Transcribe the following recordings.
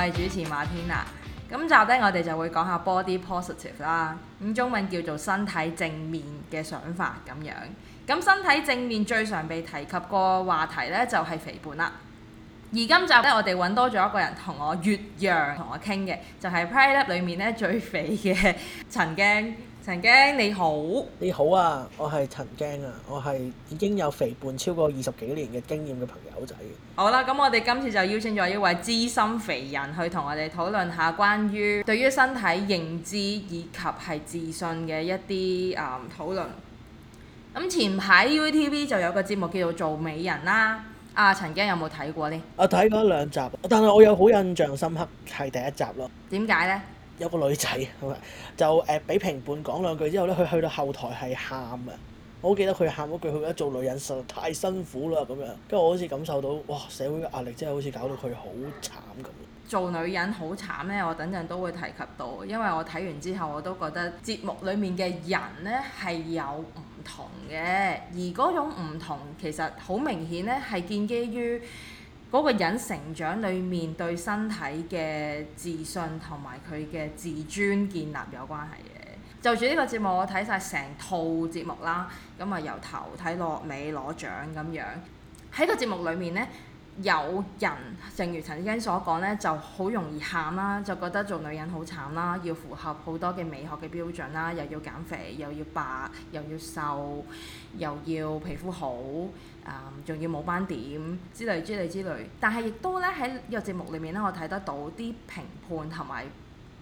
我係主持馬天娜，今集咧我哋就會講下 body positive 啦，咁中文叫做身體正面嘅想法咁樣。咁身體正面最常被提及個話題咧就係肥胖啦。而今集咧我哋揾多咗一個人同我越洋同我傾嘅，就係、是《Pride Up》裏面咧最肥嘅曾經。曾京，你好，你好啊，我係曾京啊，我係已經有肥胖超過二十幾年嘅經驗嘅朋友仔。好啦，咁我哋今次就邀請咗一位資深肥人去同我哋討論下關於對於身體認知以及係自信嘅一啲啊討論。咁，嗯，前排 ViuTV 就有個節目叫做做美人啦，啊，曾京有冇睇過呢？啊，睇過兩集，但係我有好印象深刻係第一集咯。點解呢？有個女仔，就誒俾、呃、評判講兩句之後呢，佢去到後台係喊啊！我好記得佢喊嗰句，佢覺得做女人實在太辛苦啦咁樣。跟住我好似感受到，哇！社會嘅壓力真係好似搞到佢好慘咁。做女人好慘呢，我等陣都會提及到，因為我睇完之後我都覺得節目裡面嘅人呢係有唔同嘅，而嗰種唔同其實好明顯呢係建基於，嗰個人成長裏面對身體嘅自信同埋佢嘅自尊建立有關係嘅。就住呢個節目，我睇晒成套節目啦，咁啊由頭睇落尾攞獎咁樣。喺個節目裏面呢，有人正如陳思欣所講呢，就好容易喊啦，就覺得做女人好慘啦，要符合好多嘅美學嘅標準啦，又要減肥，又要白，又要瘦，又要，又要皮膚好。啊，仲、um，要冇斑點之類之類之類，但係亦都咧喺呢個節目裡面咧，我睇得到啲評判同埋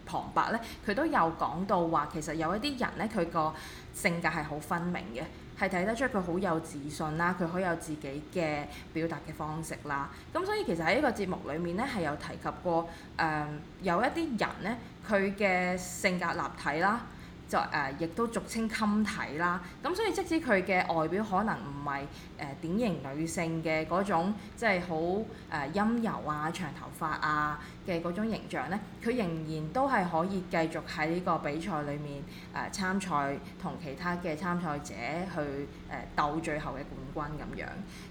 旁白咧，佢都有講到話，其實有一啲人咧，佢個性格係好分明嘅，係睇得出佢好有自信啦，佢好有自己嘅表達嘅方式啦。咁所以其實喺呢個節目裡面咧，係有提及過，誒、嗯、有一啲人咧，佢嘅性格立體啦。就誒，亦、呃、都俗稱襟體啦。咁所以，即使佢嘅外表可能唔係誒典型女性嘅嗰種，即係好誒陰柔啊、長頭髮啊嘅嗰種形象咧，佢仍然都係可以繼續喺呢個比賽裡面誒、呃、參賽，同其他嘅參賽者去誒、呃、鬥最後嘅冠軍咁樣。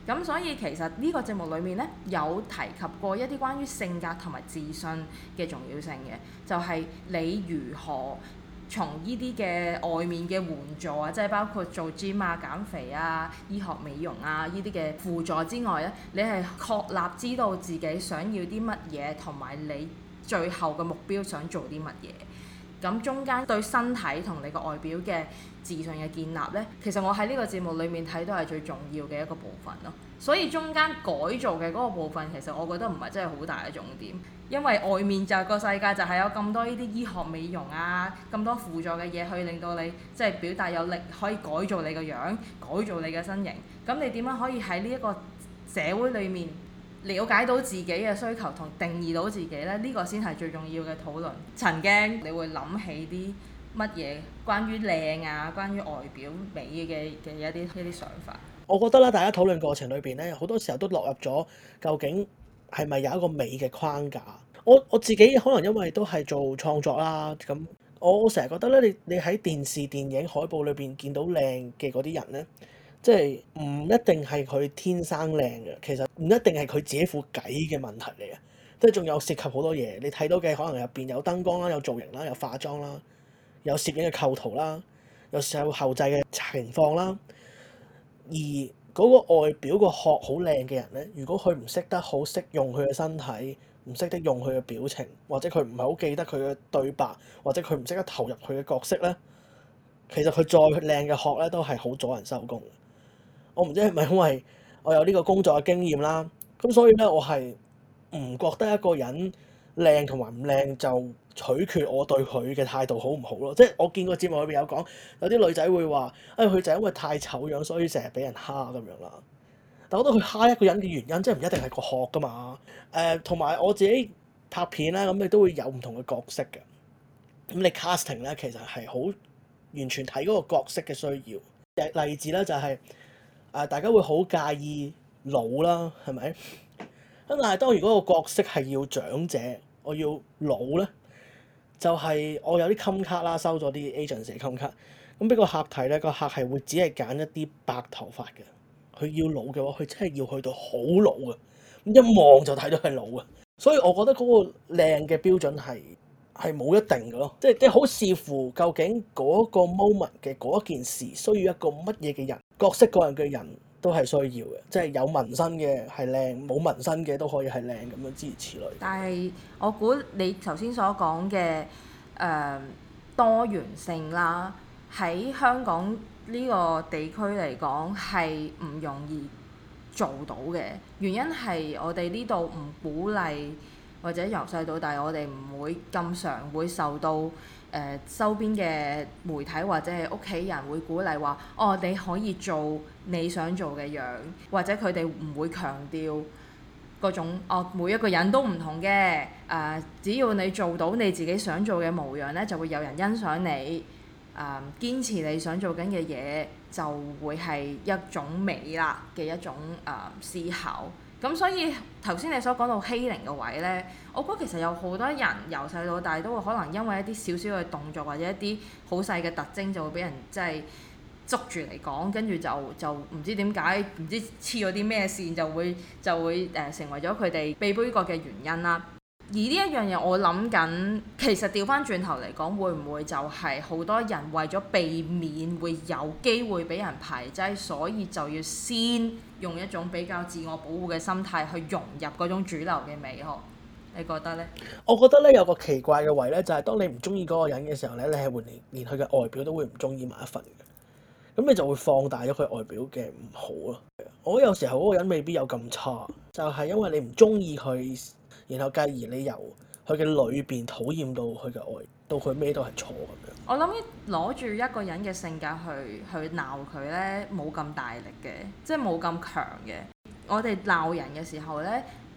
咁所以其實呢個節目裡面咧，有提及過一啲關於性格同埋自信嘅重要性嘅，就係、是、你如何。從呢啲嘅外面嘅援助啊，即係包括做 gym 啊、減肥啊、醫學美容啊呢啲嘅輔助之外咧，你係確立知道自己想要啲乜嘢，同埋你最後嘅目標想做啲乜嘢。咁中間對身體同你個外表嘅自信嘅建立呢，其實我喺呢個節目裡面睇都係最重要嘅一個部分咯。所以中間改造嘅嗰個部分，其實我覺得唔係真係好大嘅重點，因為外面就個世界就係有咁多呢啲醫學美容啊，咁多輔助嘅嘢去令到你即係、即係、表達有力，可以改造你個樣，改造你嘅身形。咁你點樣可以喺呢一個社會裡面，了解到自己嘅需求同定義到自己咧，呢、呢個先係最重要嘅討論。曾經你會諗起啲乜嘢？關於靚啊，關於外表美嘅嘅一啲一啲想法。我覺得啦，大家討論過程裏邊咧，好多時候都落入咗究竟係咪有一個美嘅框架？我我自己可能因為都係做創作啦，咁我我成日覺得咧，你你喺電視、電影海報裏邊見到靚嘅嗰啲人咧。即係唔一定係佢天生靚嘅，其實唔一定係佢自己副偈嘅問題嚟嘅，即係仲有涉及好多嘢。你睇到嘅可能入邊有燈光啦、有造型啦、有化妝啦、有攝影嘅構圖啦、有時候後製嘅情況啦。而嗰個外表個殼好靚嘅人咧，如果佢唔識得好識用佢嘅身體，唔識得用佢嘅表情，或者佢唔係好記得佢嘅對白，或者佢唔識得投入佢嘅角色咧，其實佢再靚嘅殼咧都係好阻人收工。我唔知係咪因為我有呢個工作嘅經驗啦，咁所以咧我係唔覺得一個人靚同埋唔靚就取決我對佢嘅態度好唔好咯。即係我見過節目裏邊有講，有啲女仔會話，哎佢就係因為太醜樣，所以成日俾人蝦咁樣啦。但我覺得佢蝦一個人嘅原因，即係唔一定係個殼噶嘛。誒、呃，同埋我自己拍片咧，咁你都會有唔同嘅角色嘅。咁你 casting 咧，其實係好完全睇嗰個角色嘅需要。例例子咧就係，是。誒，大家會好介意老啦，係咪？咁但係當如果個角色係要長者，我要老咧，就係我有啲襟卡啦，收咗啲 agent 嘅襟卡。咁俾個客睇咧，個客係會只係揀一啲白頭髮嘅。佢要老嘅話，佢真係要去到好老嘅，咁一望就睇到係老嘅。所以我覺得嗰個靚嘅標準係係冇一定嘅咯，即係即係好視乎究竟嗰個 moment 嘅嗰一件事需要一個乜嘢嘅人。各式各樣嘅人都係需要嘅，即係有紋身嘅係靚，冇紋身嘅都可以係靚，咁樣諸如此類。但係我估你頭先所講嘅誒多元性啦，喺香港呢個地區嚟講係唔容易做到嘅。原因係我哋呢度唔鼓勵，或者由細到大我哋唔會咁常會受到。誒、呃、周邊嘅媒體或者係屋企人會鼓勵話哦，你可以做你想做嘅樣，或者佢哋唔會強調各種哦，每一個人都唔同嘅誒、呃，只要你做到你自己想做嘅模樣呢，就會有人欣賞你誒、呃。堅持你想做緊嘅嘢就會係一種美啦嘅一種誒、呃、思考。咁所以頭先你所講到欺凌嘅位呢，我覺得其實有好多人由細到大都會可能因為一啲少少嘅動作或者一啲好細嘅特徵就會俾人即係捉住嚟講，跟住就就唔知點解，唔知黐咗啲咩線就會就會誒成為咗佢哋被杯葛嘅原因啦。而呢一樣嘢，我諗緊，其實調翻轉頭嚟講，會唔會就係好多人為咗避免會有機會俾人排擠，所以就要先用一種比較自我保護嘅心態去融入嗰種主流嘅美學？你覺得呢？我覺得咧有個奇怪嘅位咧，就係、是、當你唔中意嗰個人嘅時候咧，你係會連連佢嘅外表都會唔中意埋一份嘅。咁你就會放大咗佢外表嘅唔好咯。我有時候嗰個人未必有咁差，就係、是、因為你唔中意佢。然後，繼而你由佢嘅裏邊討厭到佢嘅外，到佢咩都係錯咁樣。我諗攞住一個人嘅性格去去鬧佢呢，冇咁大力嘅，即係冇咁強嘅。我哋鬧人嘅時候呢，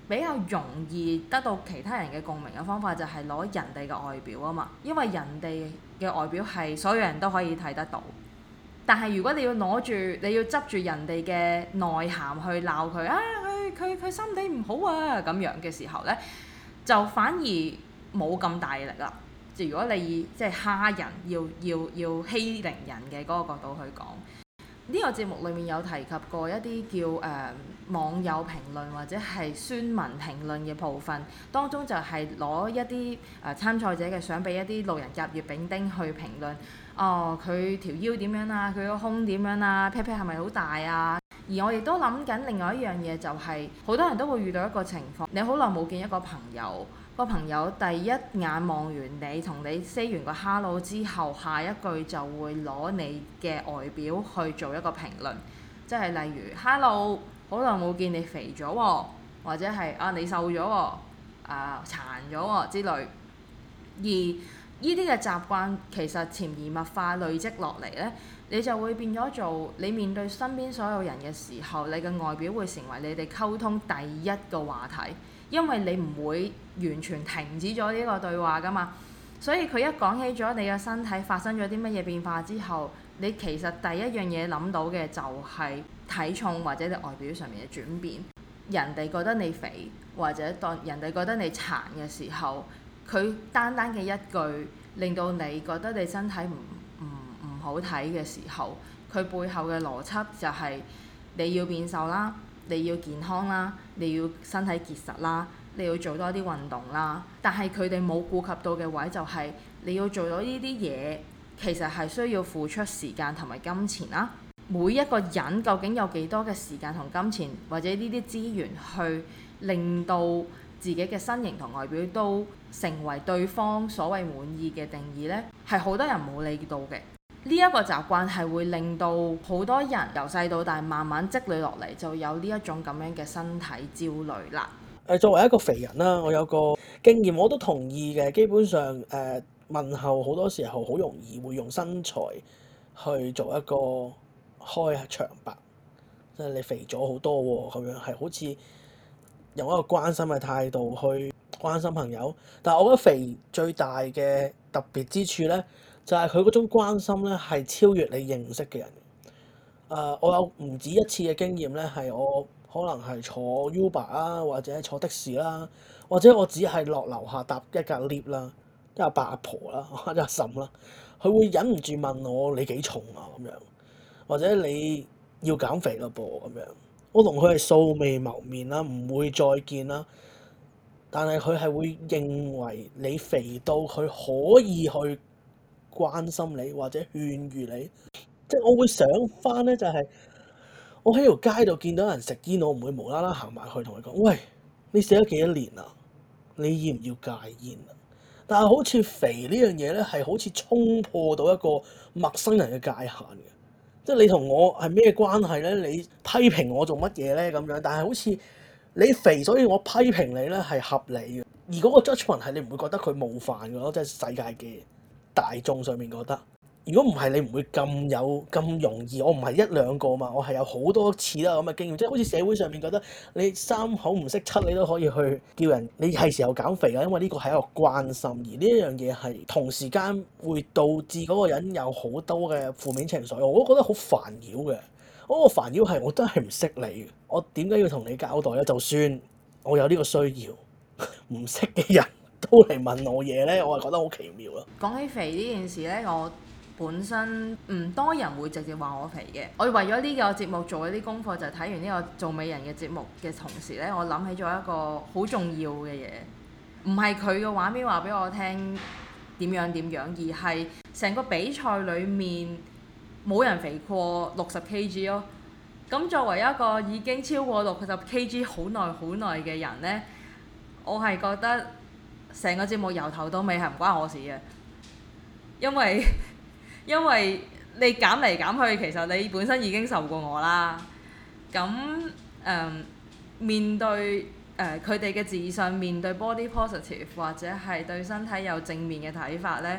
比較容易得到其他人嘅共鳴嘅方法就係攞人哋嘅外表啊嘛，因為人哋嘅外表係所有人都可以睇得到。但係如果你要攞住你要執住人哋嘅內涵去鬧佢啊！佢佢心地唔好啊，咁樣嘅時候呢，就反而冇咁大力啦。如果你以即係蝦人、要要要欺凌人嘅嗰個角度去講，呢個節目裡面有提及過一啲叫誒、呃、網友評論或者係村民評論嘅部分，當中就係攞一啲誒參賽者嘅相俾一啲路人甲乙丙丁去評論，哦，佢條腰點樣啊，佢個胸點樣啊，pat pat 係咪好大啊？而我亦都諗緊另外一樣嘢，就係，就係好多人都會遇到一個情況，你好耐冇見一個朋友，那個朋友第一眼望完你，同你 say 完個 hello 之後，下一句就會攞你嘅外表去做一個評論，即係例如 hello，好耐冇見你肥咗喎，哦，或者係啊你瘦咗喎，哦，啊殘咗喎之類。而呢啲嘅習慣其實潛移默化累積落嚟呢。你就會變咗做你面對身邊所有人嘅時候，你嘅外表會成為你哋溝通第一個話題，因為你唔會完全停止咗呢個對話㗎嘛。所以佢一講起咗你嘅身體發生咗啲乜嘢變化之後，你其實第一樣嘢諗到嘅就係體重或者你外表上面嘅轉變。人哋覺得你肥或者當人哋覺得你殘嘅時候，佢單單嘅一句令到你覺得你身體唔好睇嘅時候，佢背後嘅邏輯就係你要變瘦啦，你要健康啦，你要身體結實啦，你要做多啲運動啦。但係佢哋冇顧及到嘅位就係你要做到呢啲嘢，其實係需要付出時間同埋金錢啦。每一個人究竟有幾多嘅時間同金錢或者呢啲資源去令到自己嘅身形同外表都成為對方所謂滿意嘅定義呢？係好多人冇理到嘅。呢一個習慣係會令到好多人由細到大慢慢積累落嚟，就有呢一種咁樣嘅身體焦慮啦。作為一個肥人啦，我有個經驗，我都同意嘅。基本上誒、呃，問候好多時候好容易會用身材去做一個開場白，即係你肥咗好多喎咁樣，係好似用一個關心嘅態度去關心朋友。但係我覺得肥最大嘅特別之處呢，就係佢嗰種關心咧，係超越你認識嘅人。誒、呃，我有唔止一次嘅經驗咧，係我可能係坐 Uber 啦、啊，或者坐的士啦，或者我只係落樓下搭一架 lift 啦，都有阿伯、阿婆啦，或者阿嬸啦，佢會忍唔住問我你幾重啊咁樣，或者你要減肥咯噃咁樣。我同佢係素未謀面啦，唔會再見啦，但係佢係會認為你肥到佢可以去。關心你或者勸喻你，即係我會想翻呢。就係、是、我喺條街度見到人食煙，我唔會無啦啦行埋去同佢講：喂，你食咗幾多年啦？你要唔要戒煙啊？但係好似肥呢樣嘢呢，係好似衝破到一個陌生人嘅界限嘅，即係你同我係咩關係呢？你批評我做乜嘢呢？咁樣，但係好似你肥，所以我批評你呢係合理嘅。而嗰個 judgement 係你唔會覺得佢冒犯嘅咯，即、就、係、是、世界嘅。大眾上面覺得，如果唔係你唔會咁有咁容易，我唔係一兩個嘛，我係有好多次啦咁嘅經驗，即係好似社會上面覺得你三口唔識七，你都可以去叫人，你係時候減肥啦，因為呢個係一個關心，而呢一樣嘢係同時間會導致嗰個人有好多嘅負面情緒，我都覺得好煩擾嘅。嗰個煩擾係我真係唔識你，我點解要同你交代咧？就算我有呢個需要，唔 識嘅人。都嚟問我嘢呢，我係覺得好奇妙啊！講起肥呢件事呢，我本身唔多人會直接話我肥嘅。我為咗呢個節目做咗啲功課，就睇完呢個做美人嘅節目嘅同時呢，我諗起咗一個好重要嘅嘢，唔係佢嘅畫面話俾我聽點樣點樣，而係成個比賽裡面冇人肥過六十 kg 咯。咁作為一個已經超過六十 kg 好耐好耐嘅人呢，我係覺得。成個節目由頭到尾係唔關我事嘅，因為因為你減嚟減去，其實你本身已經受過我啦。咁、嗯、誒面對誒佢哋嘅自信，面對 body positive 或者係對身體有正面嘅睇法呢，誒、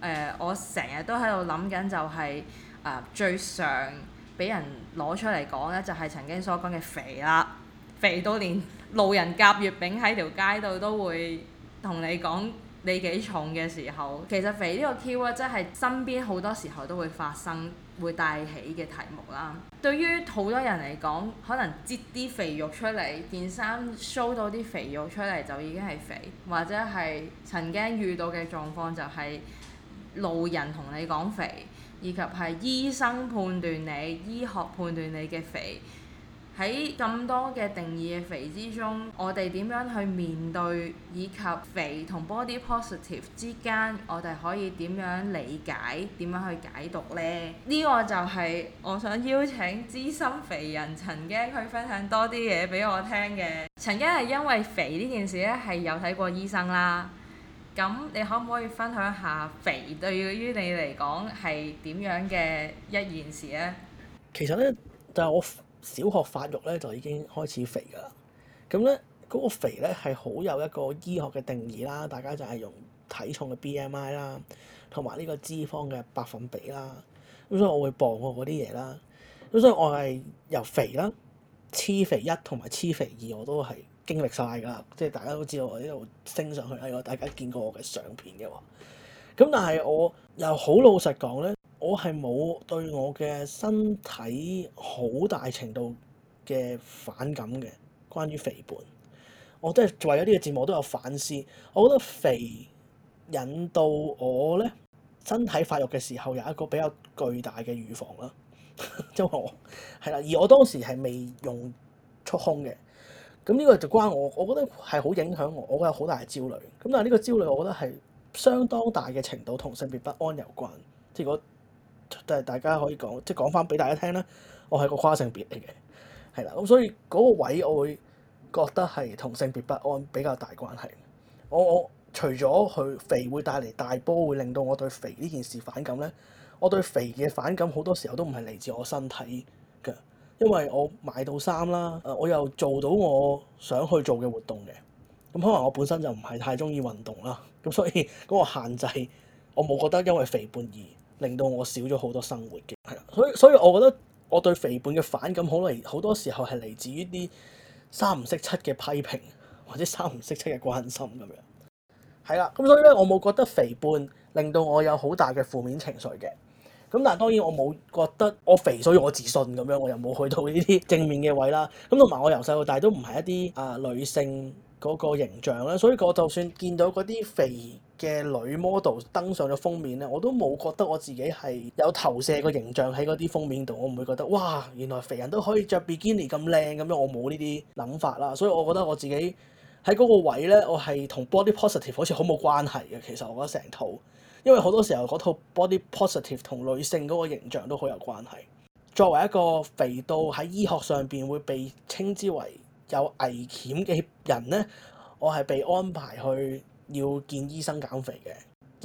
呃、我成日都喺度諗緊，就、呃、係最常俾人攞出嚟講呢，就係曾經所講嘅肥啦，肥到連路人甲、月餅喺條街度都會。同你講你幾重嘅時候，其實肥呢個 keyword 真係身邊好多時候都會發生，會帶起嘅題目啦。對於好多人嚟講，可能擠啲肥肉出嚟，件衫 show 到啲肥肉出嚟就已經係肥，或者係曾經遇到嘅狀況就係路人同你講肥，以及係醫生判斷你，醫學判斷你嘅肥。喺咁多嘅定義嘅肥之中，我哋點樣去面對以及肥同 body positive 之間，我哋可以點樣理解、點樣去解讀呢？呢，呢個就係我想邀請資深肥人曾經去分享多啲嘢俾我聽嘅。曾經係因為肥呢件事咧，係有睇過醫生啦。咁你可唔可以分享下肥對於你嚟講係點樣嘅一件事呢？其實咧，但係我。小學發育咧就已經開始肥㗎啦，咁咧嗰個肥咧係好有一個醫學嘅定義啦，大家就係用體重嘅 BMI 啦，同埋呢個脂肪嘅百分比啦，咁所以我會磅我嗰啲嘢啦，咁所以我係由肥啦，黐肥一同埋黐肥二我都係經歷曬㗎，即係大家都知道我呢度升上去，我大家見過我嘅相片嘅喎。咁但係我又好老實講咧，我係冇對我嘅身體好大程度嘅反感嘅，關於肥胖，我都係為咗呢個節目，我都有反思。我覺得肥引到我咧身體發育嘅時候有一個比較巨大嘅乳防啦，即係我係啦。而我當時係未用觸胸嘅，咁、這、呢個就關我。我覺得係好影響我，我有好大嘅焦慮。咁但係呢個焦慮，我覺得係。相當大嘅程度同性別不安有關，即係我，即係大家可以講，即係講翻俾大家聽啦。我係個跨性別嚟嘅，係啦，咁所以嗰個位我會覺得係同性別不安比較大關係。我我除咗佢肥會帶嚟大波，會令到我對肥呢件事反感咧。我對肥嘅反感好多時候都唔係嚟自我身體㗎，因為我買到衫啦，我又做到我想去做嘅活動嘅。咁可能我本身就唔係太中意運動啦，咁所以嗰個限制我冇覺得因為肥胖而令到我少咗好多生活嘅，所以所以我覺得我對肥胖嘅反感，好嚟，好多時候係嚟自於啲三唔識七嘅批評或者三唔識七嘅關心咁樣。係啦，咁所以咧我冇覺得肥胖令到我有好大嘅負面情緒嘅。咁但係當然我冇覺得我肥所以我自信咁樣，我又冇去到呢啲正面嘅位啦。咁同埋我由細到大都唔係一啲啊、呃、女性嗰個形象咧，所以我就算見到嗰啲肥嘅女 model 登上咗封面咧，我都冇覺得我自己係有投射個形象喺嗰啲封面度。我唔會覺得哇，原來肥人都可以着 bikini 咁靚咁樣，我冇呢啲諗法啦。所以我覺得我自己喺嗰個位咧，我係同 body positive 好似好冇關係嘅。其實我覺得成套，因為好多時候嗰套 body positive 同女性嗰個形象都好有關係。作為一個肥到喺醫學上邊會被稱之為有危險嘅人呢，我係被安排去要見醫生減肥嘅。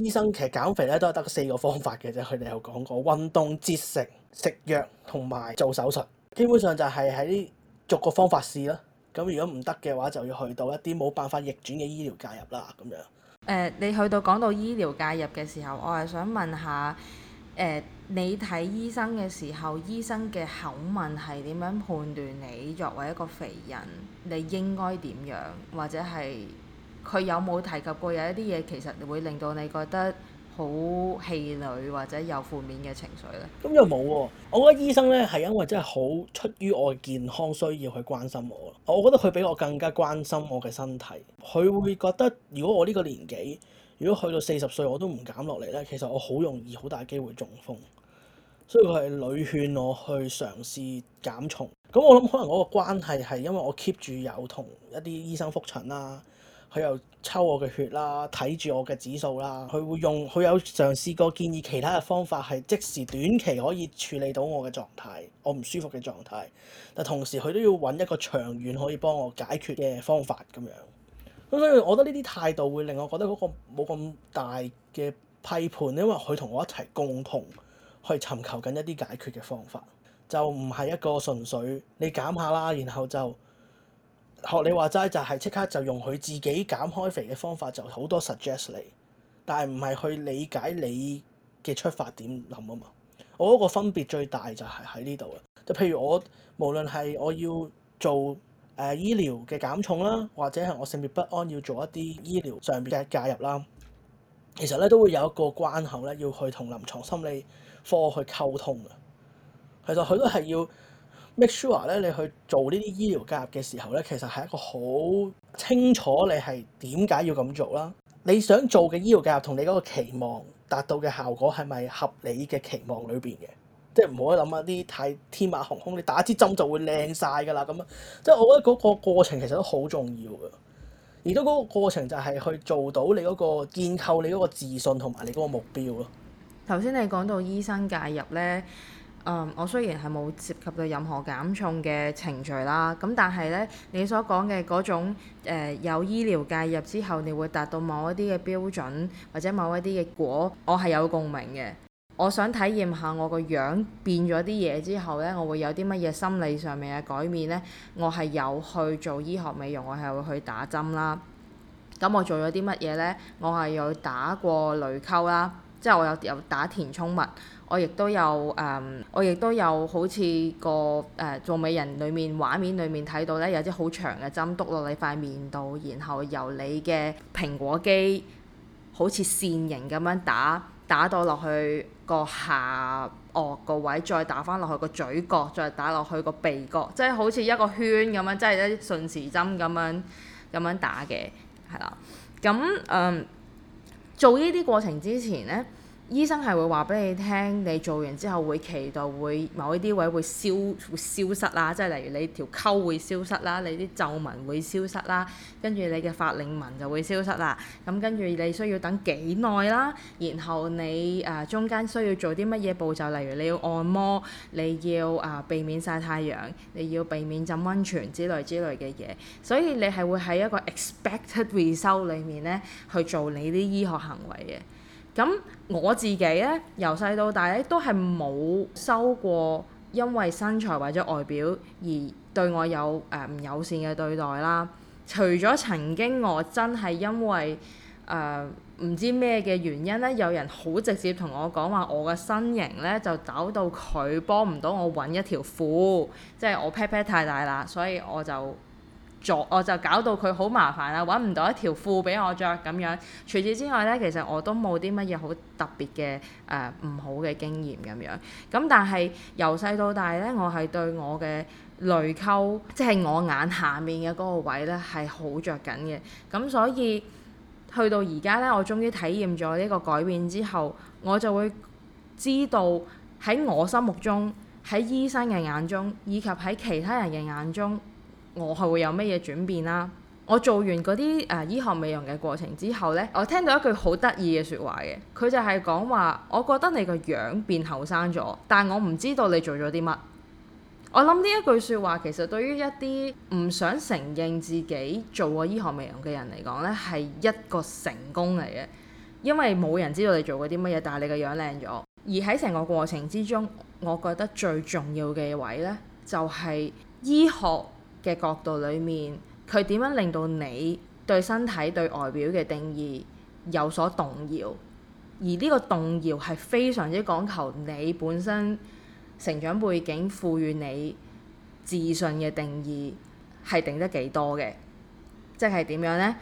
醫生其實減肥咧都係得四個方法嘅啫，佢哋有講過運動、節食、食藥同埋做手術。基本上就係喺逐個方法試咯。咁如果唔得嘅話，就要去到一啲冇辦法逆轉嘅醫療介入啦。咁樣。誒，呃，你去到講到醫療介入嘅時候，我係想問下。誒，你睇醫生嘅時候，醫生嘅口吻係點樣判斷你作為一個肥人，你應該點樣？或者係佢有冇提及過有一啲嘢，其實會令到你覺得好氣餒或者有負面嘅情緒呢？咁又冇喎，我覺得醫生呢係因為真係好出於我嘅健康需要去關心我。我覺得佢比我更加關心我嘅身體，佢會覺得如果我呢個年紀。如果去到四十歲我都唔減落嚟呢，其實我好容易，好大機會中風，所以佢係屢勸我去嘗試減重。咁我諗可能我個關係係因為我 keep 住有同一啲醫生覆診啦，佢又抽我嘅血啦，睇住我嘅指數啦，佢會用佢有嘗試過建議其他嘅方法，係即時短期可以處理到我嘅狀態，我唔舒服嘅狀態。但同時佢都要揾一個長遠可以幫我解決嘅方法咁樣。咁所以，我覺得呢啲態度會令我覺得嗰個冇咁大嘅批判，因為佢同我一齊共同去尋求緊一啲解決嘅方法，就唔係一個純粹你減下啦，然後就學你話齋，就係即刻就用佢自己減開肥嘅方法，就好多 suggest 你，但係唔係去理解你嘅出發點諗啊嘛。我嗰個分別最大就係喺呢度啊。就譬如我無論係我要做。誒醫療嘅減重啦，或者係我性別不安要做一啲醫療上邊嘅介入啦，其實咧都會有一個關口咧，要去同臨床心理科去溝通嘅。其實佢都係要 make sure 咧，你去做呢啲醫療介入嘅時候咧，其實係一個好清楚你係點解要咁做啦。你想做嘅醫療介入同你嗰個期望達到嘅效果係咪合理嘅期望裏邊嘅？即係唔好喺度諗一啲太天馬行空，你打支針就會靚晒㗎啦咁樣！即係我覺得嗰個過程其實都好重要嘅，而都嗰個過程就係去做到你嗰個建構你嗰個自信同埋你嗰個目標咯。頭先你講到醫生介入咧，嗯，我雖然係冇涉及到任何減重嘅程序啦，咁但係咧，你所講嘅嗰種、呃、有醫療介入之後，你會達到某一啲嘅標準或者某一啲嘅果，我係有共鳴嘅。我想體驗下我個樣變咗啲嘢之後咧，我會有啲乜嘢心理上面嘅改變咧？我係有去做醫學美容，我係會去打針啦。咁我做咗啲乜嘢咧？我係有打過淚溝啦，即係我有有打填充物，我亦都有誒、嗯，我亦都有好似個誒、呃、做美人裡面畫面裡面睇到咧，有啲好長嘅針篤落你塊面度，然後由你嘅蘋果肌好似扇形咁樣打。打到落去個下顎個位，再打返落去個嘴角，再打落去個鼻角，即係好似一個圈咁樣，即係一啲順時針咁樣咁樣打嘅，係啦。咁嗯，做呢啲過程之前咧。醫生係會話俾你聽，你做完之後會期待會某啲位會消會消失啦，即係例如你條溝會消失啦，你啲皺紋會消失啦，跟住你嘅法令紋就會消失啦。咁跟住你需要等幾耐啦，然後你誒、呃、中間需要做啲乜嘢步驟，例如你要按摩，你要誒、呃、避免曬太陽，你要避免浸溫泉之類之類嘅嘢。所以你係會喺一個 expected result 裏面咧去做你啲醫學行為嘅。咁我自己咧，由細到大咧都係冇收過，因為身材或者外表而對我有誒唔友善嘅對待啦。除咗曾經我真係因為誒唔知咩嘅原因咧，有人好直接同我講話，我嘅身形咧就搞到佢幫唔到我揾一條褲，即係我 pat pat 太大啦，所以我就。著我就搞到佢好麻煩啦，揾唔到一條褲俾我着。咁樣。除此之外呢，其實我都冇啲乜嘢好特別嘅誒唔好嘅經驗咁樣。咁但係由細到大呢，我係對我嘅淚溝，即係我眼下面嘅嗰個位呢，係好着緊嘅。咁所以去到而家呢，我終於體驗咗呢個改變之後，我就會知道喺我心目中，喺醫生嘅眼中，以及喺其他人嘅眼中。我係會有乜嘢轉變啦，啊？我做完嗰啲誒醫學美容嘅過程之後呢，我聽到一句好得意嘅説話嘅，佢就係講話，我覺得你個樣變後生咗，但我唔知道你做咗啲乜。我諗呢一句説話其實對於一啲唔想承認自己做過醫學美容嘅人嚟講呢，係一個成功嚟嘅，因為冇人知道你做過啲乜嘢，但係你個樣靚咗。而喺成個過程之中，我覺得最重要嘅位呢，就係、是、醫學。嘅角度裏面，佢點樣令到你對身體對外表嘅定義有所動搖，而呢個動搖係非常之講求你本身成長背景賦予你自信嘅定義，係定得幾多嘅？即係點樣咧？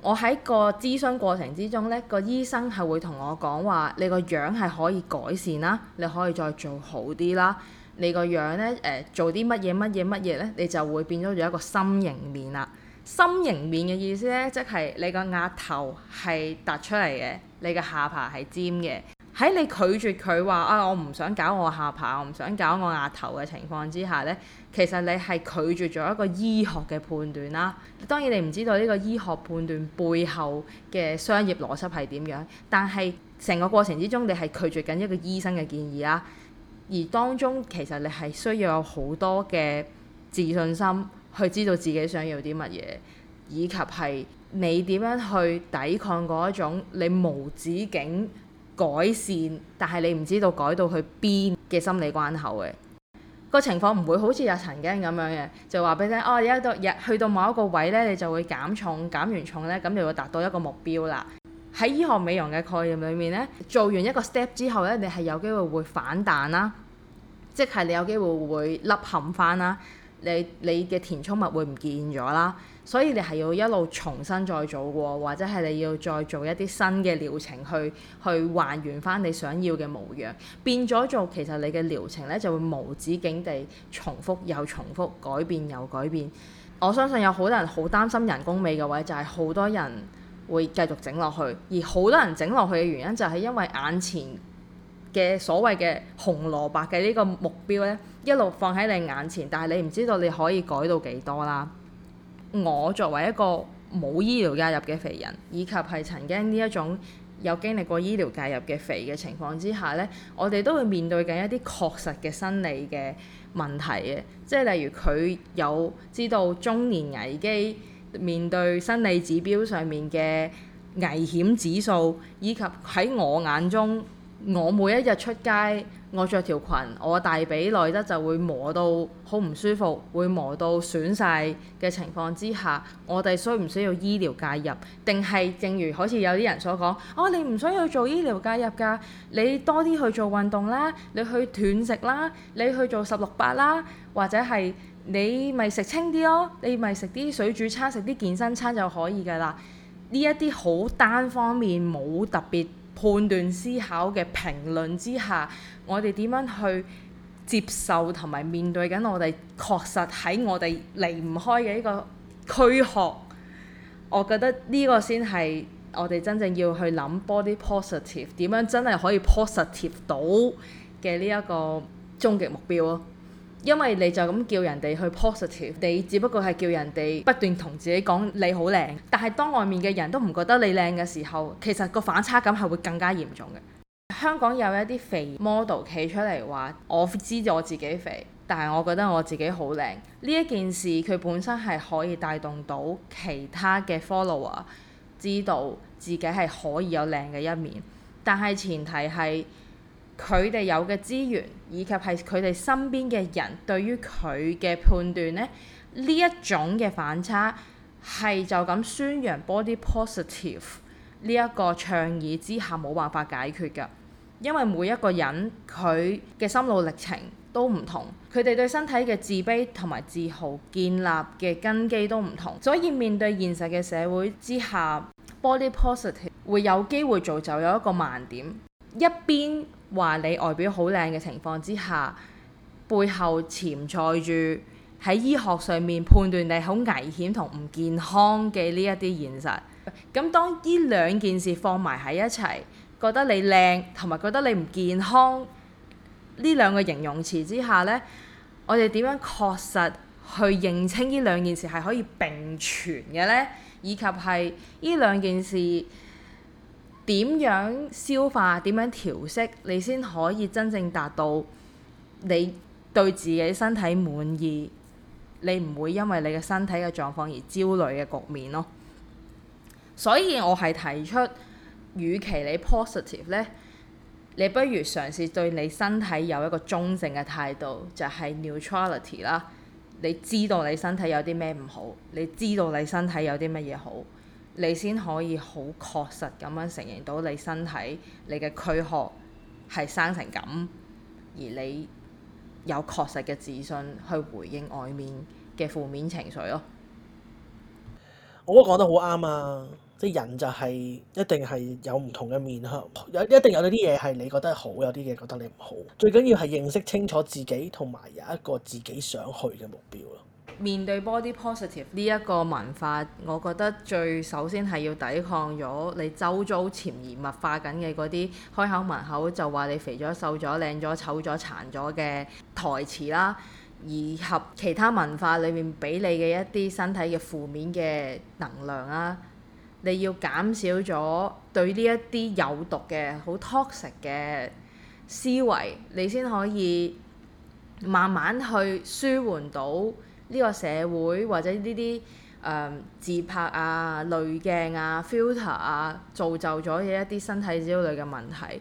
我喺個諮詢過程之中咧，個醫生係會同我講話，你個樣係可以改善啦，你可以再做好啲啦。你個樣咧，誒、呃、做啲乜嘢乜嘢乜嘢咧，你就會變咗咗一個心形面啦。心形面嘅意思咧，即係你個額頭係突出嚟嘅，你個下巴係尖嘅。喺你拒絕佢話啊，我唔想搞我下巴，我唔想搞我額頭嘅情況之下咧，其實你係拒絕咗一個醫學嘅判斷啦。當然你唔知道呢個醫學判斷背後嘅商業邏輯係點樣，但係成個過程之中，你係拒絕緊一個醫生嘅建議啦。而當中其實你係需要有好多嘅自信心，去知道自己想要啲乜嘢，以及係你點樣去抵抗嗰一種你無止境改善，但係你唔知道改到去邊嘅心理關口嘅、嗯、個情況，唔會好似日晨經咁樣嘅，就話俾你聽哦，一到日去到某一個位呢，你就會減重減完重呢，咁你就會達到一個目標啦。喺醫學美容嘅概念裏面呢，做完一個 step 之後呢，你係有機會會反彈啦。即係你有機會會凹陷翻啦，你你嘅填充物會唔見咗啦，所以你係要一路重新再做過，或者係你要再做一啲新嘅療程去去還原翻你想要嘅模樣，變咗做其實你嘅療程咧就會無止境地重複又重複，改變又改變。我相信有好多人好擔心人工美嘅位就係好多人會繼續整落去，而好多人整落去嘅原因就係因為眼前。嘅所謂嘅紅蘿蔔嘅呢個目標呢，一路放喺你眼前，但係你唔知道你可以改到幾多啦。我作為一個冇醫療介入嘅肥人，以及係曾經呢一種有經歷過醫療介入嘅肥嘅情況之下呢，我哋都會面對緊一啲確實嘅生理嘅問題嘅，即係例如佢有知道中年危機，面對生理指標上面嘅危險指數，以及喺我眼中。我每一日出街，我着條裙，我大髀內側就會磨到好唔舒服，會磨到損晒嘅情況之下，我哋需唔需要醫療介入？定係正如好似有啲人所講，哦，你唔需要做醫療介入㗎，你多啲去做運動啦，你去斷食啦，你去做十六八啦，或者係你咪食清啲咯，你咪食啲水煮餐、食啲健身餐就可以㗎啦。呢一啲好單方面，冇特別。判斷思考嘅評論之下，我哋點樣去接受同埋面對緊我哋確實喺我哋離唔開嘅呢個軀殼，我覺得呢個先係我哋真正要去諗 body positive，點樣真係可以 positive 到嘅呢一個終極目標咯。因為你就咁叫人哋去 positive，你只不過係叫人哋不斷同自己講你好靚。但係當外面嘅人都唔覺得你靚嘅時候，其實個反差感係會更加嚴重嘅。香港有一啲肥 model 企出嚟話：我知我自己肥，但係我覺得我自己好靚。呢一件事佢本身係可以帶動到其他嘅 follower 知道自己係可以有靚嘅一面，但係前提係，佢哋有嘅資源，以及係佢哋身邊嘅人對於佢嘅判斷呢，呢一種嘅反差係就咁宣揚 body positive 呢一個倡議之下冇辦法解決㗎，因為每一個人佢嘅心路歷程都唔同，佢哋對身體嘅自卑同埋自豪建立嘅根基都唔同，所以面對現實嘅社會之下，body positive 會有機會造就有一個盲點，一邊。話你外表好靚嘅情況之下，背後潛在住喺醫學上面判斷你好危險同唔健康嘅呢一啲現實。咁當呢兩件事放埋喺一齊，覺得你靚同埋覺得你唔健康，呢兩個形容詞之下呢，我哋點樣確實去認清呢兩件事係可以並存嘅呢？以及係呢兩件事。點樣消化？點樣調適？你先可以真正達到你對自己身體滿意，你唔會因為你嘅身體嘅狀況而焦慮嘅局面咯。所以我係提出，與其你 positive 呢，你不如嘗試對你身體有一個中性嘅態度，就係 neutrality 啦。你知道你身體有啲咩唔好，你知道你身體有啲乜嘢好。你先可以好確實咁樣承認到你身體、你嘅軀殼係生成咁，而你有確實嘅自信去回應外面嘅負面情緒咯。我都講得好啱啊！即係人就係一定係有唔同嘅面啊，可能有一定有啲嘢係你覺得好，有啲嘢覺得你唔好。最緊要係認識清楚自己，同埋有一個自己想去嘅目標咯。面對 body positive 呢一個文化，我覺得最首先係要抵抗咗你周遭潛移默化緊嘅嗰啲開口埋口就話你肥咗、瘦咗、靚咗、醜咗、殘咗嘅台詞啦，以及其他文化裏面俾你嘅一啲身體嘅負面嘅能量啦，你要減少咗對呢一啲有毒嘅好 toxic 嘅思維，你先可以慢慢去舒緩到。呢個社會或者呢啲誒自拍啊、濾鏡啊、filter 啊，造就咗嘅一啲身體焦慮嘅問題，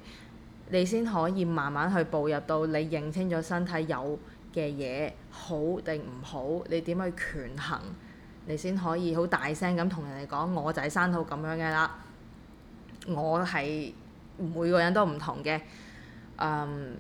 你先可以慢慢去步入到你認清咗身體有嘅嘢好定唔好，你點去權衡？你先可以好大聲咁同人哋講，我仔生到咁樣嘅啦，我係每個人都唔同嘅，誒、嗯，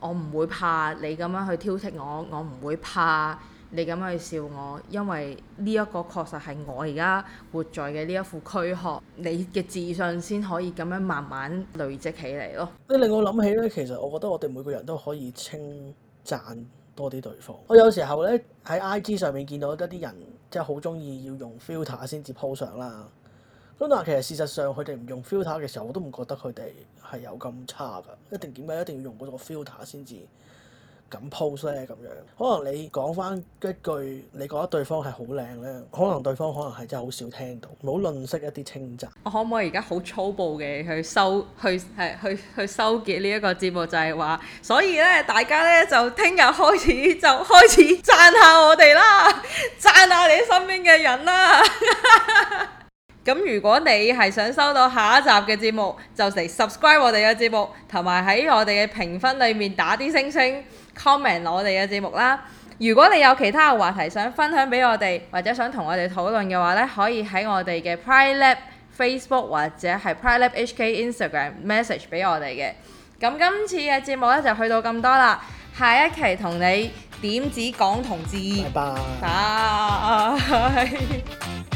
我唔會怕你咁樣去挑剔我，我唔會怕。你咁去笑我，因為呢一個確實係我而家活在嘅呢一副軀殼，你嘅自信先可以咁樣慢慢累積起嚟咯。你令我諗起咧，其實我覺得我哋每個人都可以稱讚多啲對方。我有時候咧喺 I G 上面見到一啲人，即係好中意要用 filter 先至 po 相啦。咁但係其實事實上佢哋唔用 filter 嘅時候，我都唔覺得佢哋係有咁差噶。一定點解一定要用嗰個 filter 先至？咁 pose 咧咁樣，可能你講翻一句你覺得對方係好靚咧，可能對方可能係真係好少聽到，唔好吝嗇一啲稱讚。我可唔可以而家好粗暴嘅去收，去係去去，去收結呢一個節目，就係話，所以咧大家咧就聽日開始就開始讚下我哋啦，讚下你身邊嘅人啦。咁 如果你係想收到下一集嘅節目，就嚟 subscribe 我哋嘅節目，同埋喺我哋嘅評分裡面打啲星星。Comment 我哋嘅節目啦，如果你有其他嘅話題想分享俾我哋，或者想同我哋討論嘅話咧，可以喺我哋嘅 Pride Lab Facebook 或者係 Pride Lab HK Instagram message 俾我哋嘅。咁今次嘅節目咧就去到咁多啦，下一期同你點止講同志。Bye bye. Ah, bye.